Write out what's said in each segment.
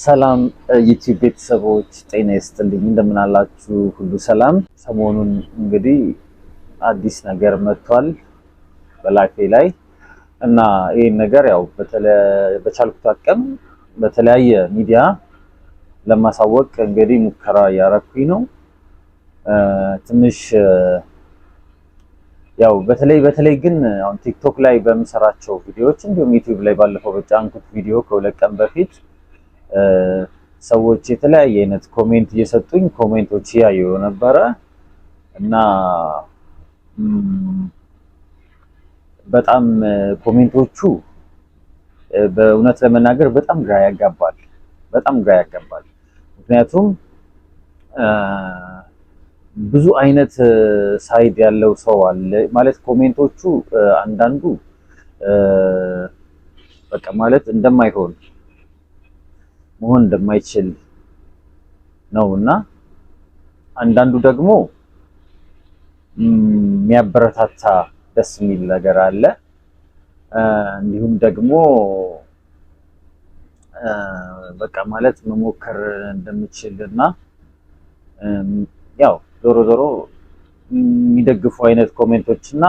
ሰላም ዩቲዩብ ቤተሰቦች ጤና ይስጥልኝ፣ እንደምናላችሁ ሁሉ ሰላም። ሰሞኑን እንግዲህ አዲስ ነገር መጥቷል በላይፌ ላይ እና ይህን ነገር ያው በቻልኩት አቅም በተለያየ ሚዲያ ለማሳወቅ እንግዲህ ሙከራ እያረኩኝ ነው። ትንሽ ያው በተለይ በተለይ ግን አሁን ቲክቶክ ላይ በምሰራቸው ቪዲዮዎች እንዲሁም ዩቲዩብ ላይ ባለፈው በጫንኩት ቪዲዮ ከሁለት ቀን በፊት ሰዎች የተለያየ አይነት ኮሜንት እየሰጡኝ ኮሜንቶች እያየሁ ነበረ እና በጣም ኮሜንቶቹ በእውነት ለመናገር በጣም ግራ ያጋባል። በጣም ግራ ያጋባል። ምክንያቱም ብዙ አይነት ሳይድ ያለው ሰው አለ ማለት ኮሜንቶቹ አንዳንዱ በቃ ማለት እንደማይሆን መሆን እንደማይችል ነው እና አንዳንዱ ደግሞ የሚያበረታታ ደስ የሚል ነገር አለ። እንዲሁም ደግሞ በቃ ማለት መሞከር እንደምችል እና ያው ዞሮ ዞሮ የሚደግፉ አይነት ኮሜንቶች እና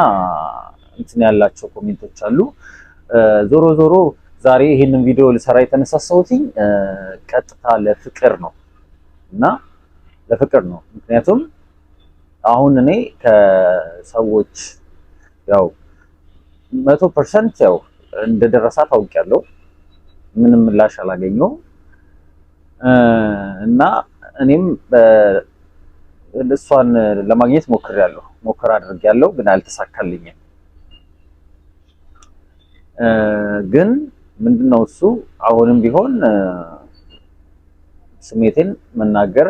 እንትን ያላቸው ኮሜንቶች አሉ። ዞሮ ዞሮ ዛሬ ይህንን ቪዲዮ ልሰራ የተነሳሳሁትኝ ቀጥታ ለፍቅር ነው እና ለፍቅር ነው። ምክንያቱም አሁን እኔ ከሰዎች ያው መቶ ፐርሰንት ያው እንደደረሳ ታውቂያለሁ። ምንም ምላሽ አላገኘሁም እና እኔም እሷን ለማግኘት ሞክሬያለሁ፣ ሞከራ አድርጌያለሁ፣ ግን አልተሳካልኝም ግን ምንድነው እሱ አሁንም ቢሆን ስሜቴን መናገር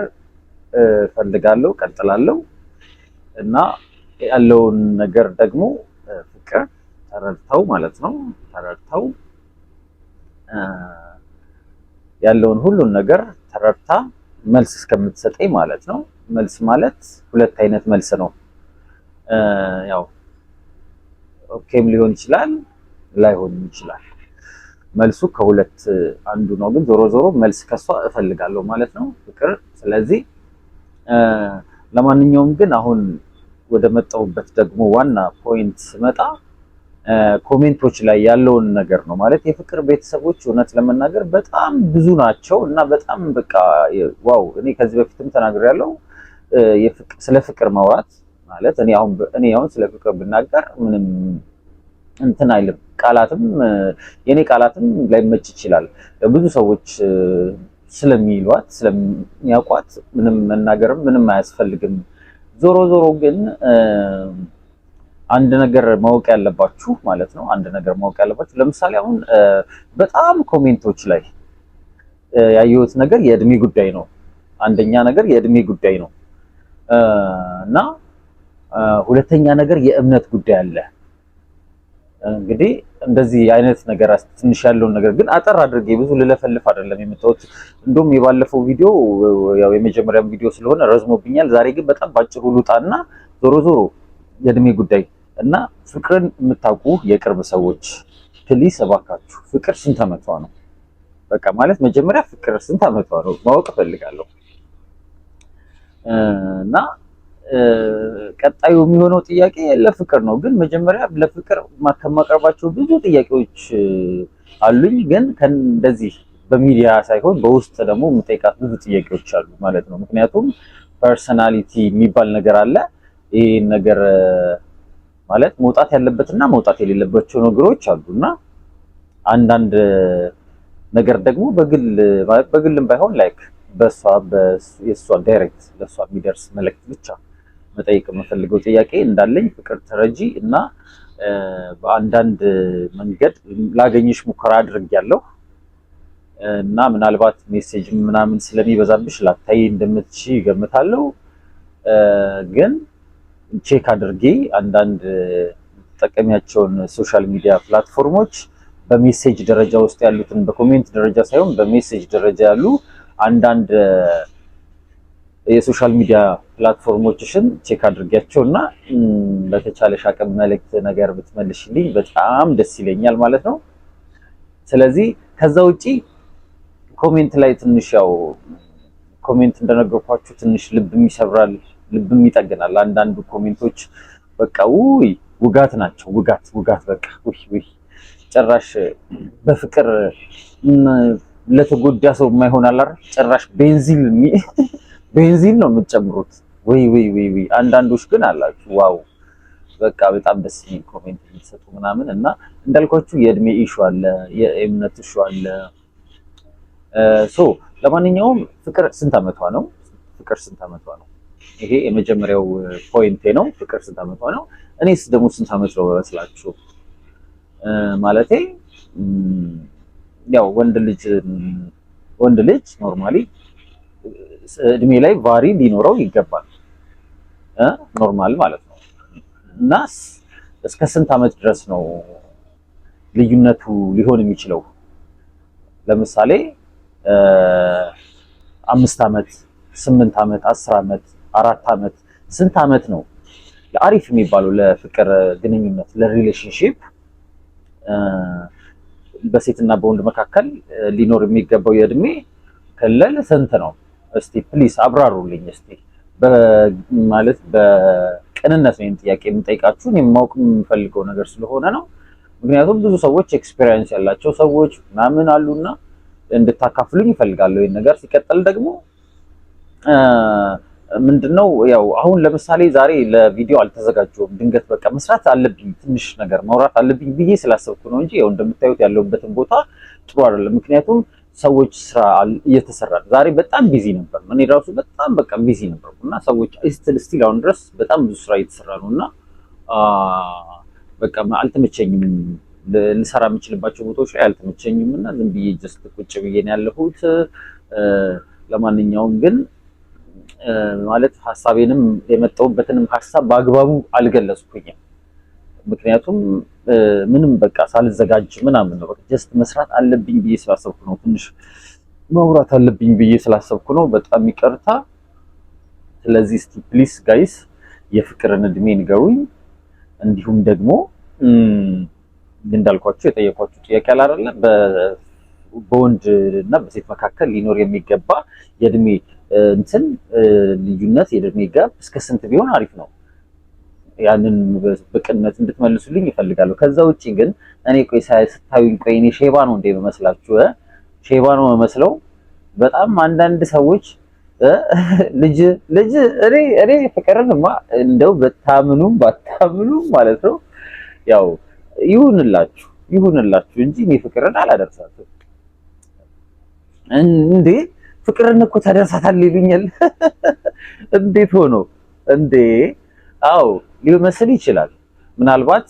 ፈልጋለሁ፣ ቀጥላለሁ እና ያለውን ነገር ደግሞ ፍቅር ተረድተው ማለት ነው ተረድተው ያለውን ሁሉን ነገር ተረድታ መልስ እስከምትሰጠኝ ማለት ነው። መልስ ማለት ሁለት አይነት መልስ ነው። ያው ኦኬም ሊሆን ይችላል፣ ላይሆንም ይችላል። መልሱ ከሁለት አንዱ ነው። ግን ዞሮ ዞሮ መልስ ከሷ እፈልጋለሁ ማለት ነው ፍቅር። ስለዚህ ለማንኛውም ግን አሁን ወደ መጣሁበት ደግሞ ዋና ፖይንት ስመጣ ኮሜንቶች ላይ ያለውን ነገር ነው ማለት የፍቅር ቤተሰቦች እውነት ለመናገር በጣም ብዙ ናቸው እና በጣም በቃ ዋው እኔ ከዚህ በፊትም ያለው ስለ ፍቅር ማውራት ማለት እኔ አሁን እኔ አሁን ስለ ፍቅር ብናገር ምንም እንትን አይልም። ቃላትም የኔ ቃላትም ላይመች ይችላል። ብዙ ሰዎች ስለሚሏት ስለሚያውቋት ምንም መናገርም ምንም አያስፈልግም። ዞሮ ዞሮ ግን አንድ ነገር ማወቅ ያለባችሁ ማለት ነው። አንድ ነገር ማወቅ ያለባችሁ ለምሳሌ አሁን በጣም ኮሜንቶች ላይ ያየሁት ነገር የእድሜ ጉዳይ ነው። አንደኛ ነገር የእድሜ ጉዳይ ነው እና ሁለተኛ ነገር የእምነት ጉዳይ አለ። እንግዲህ እንደዚህ አይነት ነገር ትንሽ ያለውን ነገር ግን አጠር አድርጌ ብዙ ልለፈልፍ አይደለም የምታወት። እንዲሁም የባለፈው ቪዲዮ ያው የመጀመሪያም ቪዲዮ ስለሆነ ረዝሞብኛል። ዛሬ ግን በጣም ባጭሩ እና ዞሮ ዞሮ የእድሜ ጉዳይ እና ፍቅርን የምታውቁ የቅርብ ሰዎች ፕሊስ እባካችሁ ፍቅር ስንት ዓመቷ ነው? በቃ ማለት መጀመሪያ ፍቅር ስንት ዓመቷ ነው ማወቅ እፈልጋለሁ እና ቀጣዩ የሚሆነው ጥያቄ ለፍቅር ነው። ግን መጀመሪያ ለፍቅር ከማቀርባቸው ብዙ ጥያቄዎች አሉኝ። ግን እንደዚህ በሚዲያ ሳይሆን በውስጥ ደግሞ የምጠይቃት ብዙ ጥያቄዎች አሉ ማለት ነው። ምክንያቱም ፐርሰናሊቲ የሚባል ነገር አለ። ይህን ነገር ማለት መውጣት ያለበትና መውጣት የሌለባቸው ነገሮች አሉ እና አንዳንድ ነገር ደግሞ በግል በግልም ባይሆን ላይክ በእሷ የእሷ ዳይሬክት ለእሷ የሚደርስ መልእክት ብቻ መጠየቅ የምፈልገው ጥያቄ እንዳለኝ ፍቅር ተረጂ እና በአንዳንድ መንገድ ላገኘሽ ሙከራ አድርጌያለሁ እና ምናልባት ሜሴጅ ምናምን ስለሚበዛብሽ ላታይ እንደምትች ይገምታለሁ። ግን ቼክ አድርጌ አንዳንድ ጠቀሚያቸውን ሶሻል ሚዲያ ፕላትፎርሞች በሜሴጅ ደረጃ ውስጥ ያሉትን በኮሜንት ደረጃ ሳይሆን በሜሴጅ ደረጃ ያሉ አንዳንድ የሶሻል ሚዲያ ፕላትፎርሞችሽን ቼክ አድርጊያቸው እና በተቻለሽ አቅም መልእክት ነገር ብትመልሽልኝ በጣም ደስ ይለኛል ማለት ነው። ስለዚህ ከዛ ውጪ ኮሜንት ላይ ትንሽ ያው ኮሜንት እንደነገርኳችሁ ትንሽ ልብም ይሰብራል፣ ልብም ይጠግናል። አንዳንዱ ኮሜንቶች በቃ ውይ ውጋት ናቸው። ውጋት ውጋት በቃ ውይ ውይ ጭራሽ በፍቅር ለተጎዳ ሰው የማይሆን አላር ጭራሽ ቤንዚን ቤንዚን ነው የምትጨምሩት ወይ ወይ ወይ ወይ። አንዳንዶች ግን አላችሁ ዋው በቃ በጣም ደስ የሚል ኮሜንት የምትሰጡ ምናምን እና እንዳልኳችሁ የእድሜ ኢሹ አለ፣ የእምነት ኢሹ አለ። ሶ ለማንኛውም ፍቅር ስንት አመቷ ነው? ፍቅር ስንት አመቷ ነው? ይሄ የመጀመሪያው ፖይንቴ ነው። ፍቅር ስንት አመቷ ነው? እኔስ ደግሞ ስንት አመት ነው በመስላችሁ? ማለቴ ያው ወንድ ልጅ ወንድ ልጅ ኖርማሊ እድሜ ላይ ቫሪ ሊኖረው ይገባል። ኖርማል ማለት ነው። እና እስከ ስንት ዓመት ድረስ ነው ልዩነቱ ሊሆን የሚችለው? ለምሳሌ አምስት ዓመት፣ ስምንት ዓመት፣ አስር ዓመት፣ አራት ዓመት ስንት ዓመት ነው ለአሪፍ የሚባለው ለፍቅር ግንኙነት ለሪሌሽንሽፕ በሴትና በወንድ መካከል ሊኖር የሚገባው የእድሜ ክልል ስንት ነው? እስቲ ፕሊስ አብራሩልኝ። እስቲ ማለት በቅንነት ነው ጥያቄ የምጠይቃችሁ የማወቅ የምፈልገው ነገር ስለሆነ ነው። ምክንያቱም ብዙ ሰዎች ኤክስፔሪንስ ያላቸው ሰዎች ምናምን አሉና እንድታካፍሉኝ ይፈልጋሉ ይህን ነገር። ሲቀጥል ደግሞ ምንድነው ያው አሁን ለምሳሌ ዛሬ ለቪዲዮ አልተዘጋጀሁም። ድንገት በቃ መስራት አለብኝ ትንሽ ነገር ማውራት አለብኝ ብዬ ስላሰብኩ ነው እንጂ ያው እንደምታዩት ያለሁበትን ቦታ ጥሩ አይደለም። ምክንያቱም ሰዎች ስራ እየተሰራ ዛሬ በጣም ቢዚ ነበር። እኔ ራሱ በጣም በቃ ቢዚ ነበር እና ሰዎች ስትል ስቲል አሁን ድረስ በጣም ብዙ ስራ እየተሰራ ነው እና በቃ አልተመቸኝም። ልሰራ የምችልባቸው ቦታዎች ላይ አልተመቸኝም እና ዝም ብዬ ጀስት ቁጭ ብዬን ያለሁት። ለማንኛውም ግን ማለት ሀሳቤንም የመጣሁበትንም ሀሳብ በአግባቡ አልገለጽኩኝም። ምክንያቱም ምንም በቃ ሳልዘጋጅ ምናምን ነው። በቃ ጀስት መስራት አለብኝ ብዬ ስላሰብኩ ነው። ትንሽ መውራት አለብኝ ብዬ ስላሰብኩ ነው። በጣም ይቅርታ። ስለዚህ እስቲ ፕሊስ ጋይስ የፍቅርን እድሜ ንገሩኝ። እንዲሁም ደግሞ እንዳልኳችሁ የጠየኳችሁ ጥያቄ አላደለ በወንድ እና በሴት መካከል ሊኖር የሚገባ የእድሜ እንትን ልዩነት የእድሜ ጋር እስከ ስንት ቢሆን አሪፍ ነው? ያንን በቅንነት እንድትመልሱልኝ ይፈልጋለሁ። ከዛ ውጪ ግን እኔ ቆይ ስታዩኝ ቆይ እኔ ሼባ ነው እንደ መስላችሁ? ሼባ ነው መስለው በጣም አንዳንድ ሰዎች ልጅ ልጅ እኔ እኔ ፍቅርንማ እንደው በታምኑም ባታምኑም ማለት ነው ያው ይሁንላችሁ ይሁንላችሁ እንጂ እኔ ፍቅርን አላደርሳትም እንዴ ፍቅርን እኮ ታደርሳታል ይሉኛል። እንዴት ሆኖ እንዴ አዎ ሊመስል ይችላል። ምናልባት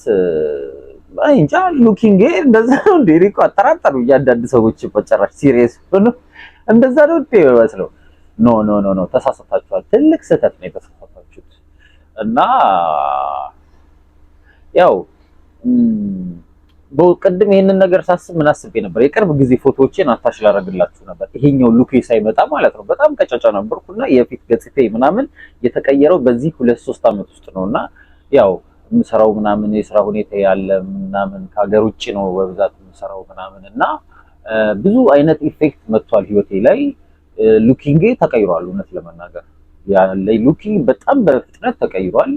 እንጃ ሉኪንግ እንደዛ ነው እንዴ? እኔ እኮ አጠራጠሩ እያንዳንድ ሰዎች በጨራሽ ሲሪየስ ሆኖ እንደዛ ነው እንዴ የሚመስለው? ኖ ኖ ኖ ኖ ተሳሳታችኋል። ትልቅ ስህተት ነው የተሳሳታችሁት እና ያው ቅድም ይህንን ነገር ሳስብ ምን አስቤ ነበር? የቅርብ ጊዜ ፎቶዎችን አታች ላደርግላችሁ ነበር። ይሄኛው ሉኬ ሳይመጣ ማለት ነው። በጣም ቀጫጫ ነበርኩና የፊት ገጽቴ ምናምን የተቀየረው በዚህ ሁለት ሶስት ዓመት ውስጥ ነው እና ያው የምሰራው ምናምን የስራ ሁኔታ ያለ ምናምን ከሀገር ውጭ ነው በብዛት የምሰራው ምናምን እና ብዙ አይነት ኢፌክት መጥቷል ህይወቴ ላይ። ሉኪንጌ ተቀይሯል። እውነት ለመናገር ያለ ሉኪንግ በጣም በፍጥነት ተቀይሯል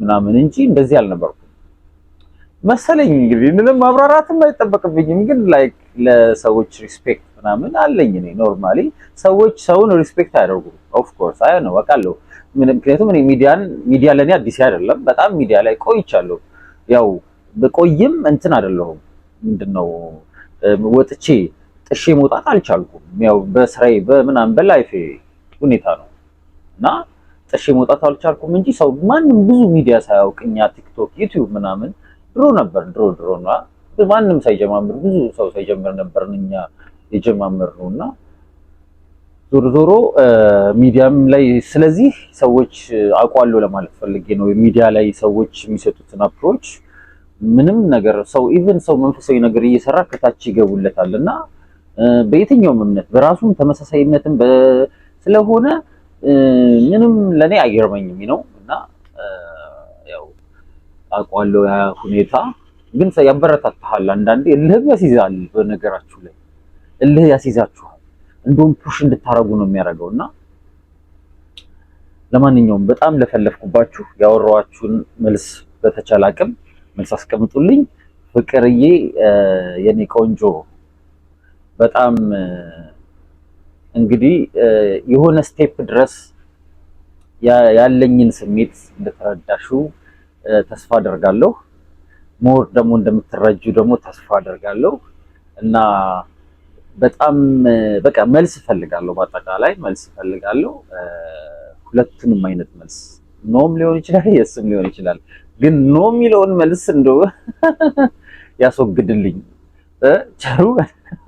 ምናምን እንጂ እንደዚህ አልነበርኩም። መሰለኝ እንግዲህ ምንም ማብራራትም አይጠበቅብኝም። ግን ላይክ ለሰዎች ሪስፔክት ምናምን አለኝ እኔ ኖርማሊ ሰዎች ሰውን ሪስፔክት አያደርጉም። ኦፍ ኮርስ አይ ነው አውቃለሁ። ምክንያቱም እኔ ሚዲያን ሚዲያ ለኔ አዲስ አይደለም። በጣም ሚዲያ ላይ ቆይቻለሁ። ያው በቆይም እንትን አይደለሁም ምንድነው ወጥቼ ጥሼ መውጣት አልቻልኩም። ያው በስራዬ በምናምን በላይፌ ሁኔታ ነው እና ጥሼ መውጣት አልቻልኩም እንጂ ሰው ማንም ብዙ ሚዲያ ሳያውቅኛ ቲክቶክ፣ ዩቲዩብ ምናምን ድሮ ነበር ድሮ ድሮ ና ማንም ሳይጀማምር ብዙ ሰው ሳይጀምር ነበር እኛ የጀማምር ነው እና ዞሮ ዞሮ ሚዲያም ላይ ስለዚህ ሰዎች አውቋሉ ለማለት ፈልጌ ነው። ሚዲያ ላይ ሰዎች የሚሰጡትን አፕሮች ምንም ነገር ሰው ኢቨን ሰው መንፈሳዊ ነገር እየሰራ ከታች ይገቡለታል እና በየትኛውም እምነት በራሱም ተመሳሳይነትም ስለሆነ ምንም ለእኔ አይገርመኝም ነው። አውቀዋለሁ። ያ ሁኔታ ግን ያበረታታሃል። አንዳንዴ እልህም ያስይዛል። በነገራችሁ ላይ እልህ ያስይዛችኋል፣ እንደውም ፑሽ እንድታረጉ ነው የሚያደርገው እና ለማንኛውም በጣም ለፈለፍኩባችሁ ያወራኋችሁን መልስ በተቻለ አቅም መልስ አስቀምጡልኝ። ፍቅርዬ የኔ ቆንጆ በጣም እንግዲህ የሆነ ስቴፕ ድረስ ያለኝን ስሜት እንደተረዳሽው ተስፋ አደርጋለሁ። ሞር ደግሞ እንደምትረጁ ደግሞ ተስፋ አደርጋለሁ እና በጣም በቃ መልስ እፈልጋለሁ። በአጠቃላይ መልስ እፈልጋለሁ። ሁለቱንም አይነት መልስ ኖም ሊሆን ይችላል፣ የስም ሊሆን ይችላል። ግን ኖ የሚለውን መልስ እንዶ ያስወግድልኝ ቸሩ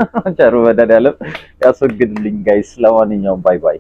ቸሩ መድኃኒዓለም ያስወግድልኝ። ጋይስ ለማንኛውም ባይ ባይ።